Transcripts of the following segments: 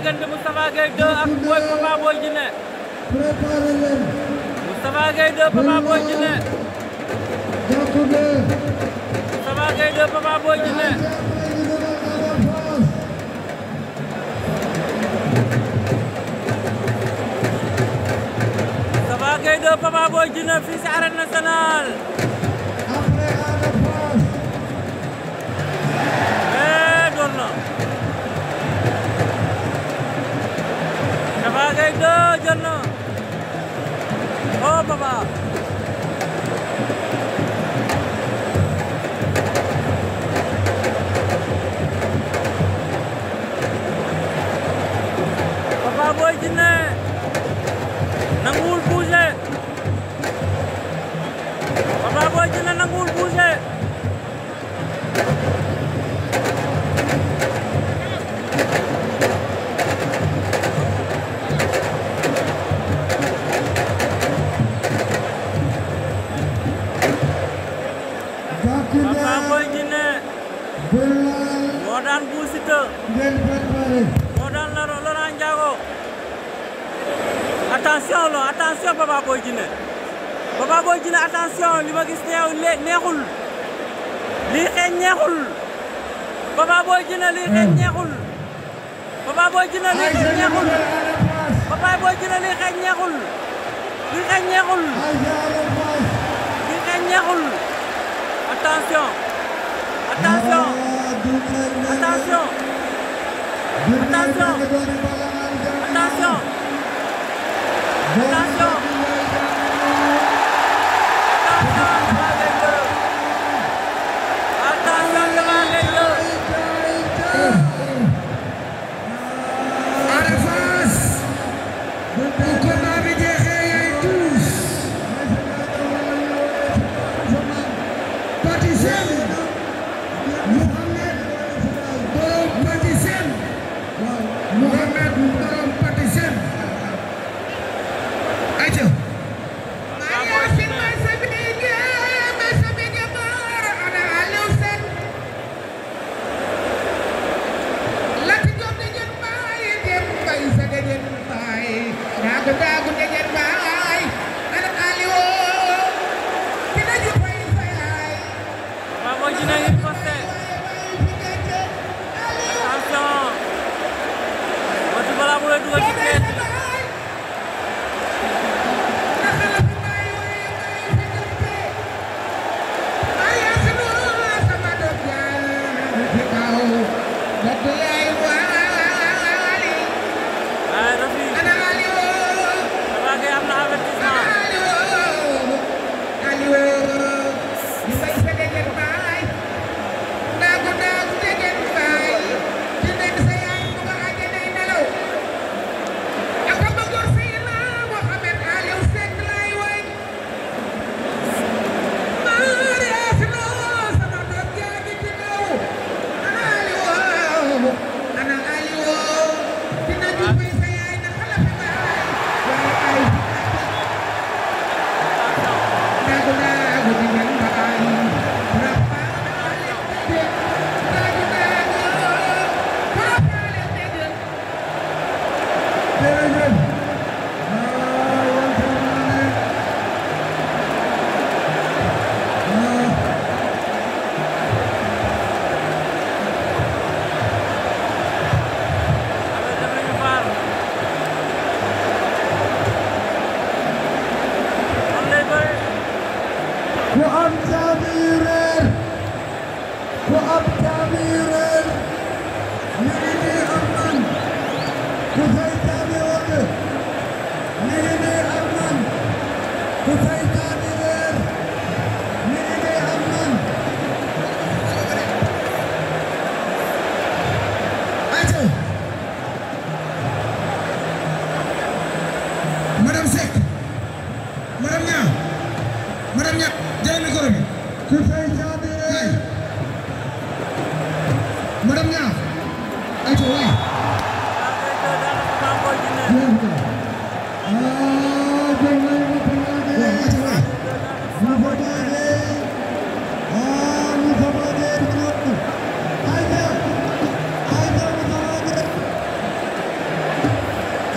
diggante Moustapha Gueye 2 ak Boy Papa Boy Djiné préparé leen Moustapha Gueye 2 Papa Boy Djiné jàppale Moustapha Gueye 2 Papa Boy Djiné Moustapha Gueye 2 Papa Boy Djiné fii ci arène nationale moo daan Bou moo daan Laurent Ndiago attention lo attention Papa Boy Djiné Papa Boy Djiné attention li ma gis neew neexul neexul Papa Boy Djiné lii xeeñ neexul Papa Boy Djiné lii xeeñ neexul Papa Boy Djiné lii xeeñ neexul lii Attention Attention Attention Attention Attention United وأب تميرر وأب تميرر ليني أمن كثيت أبي ليني أمن كثيت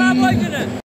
I'm liking it.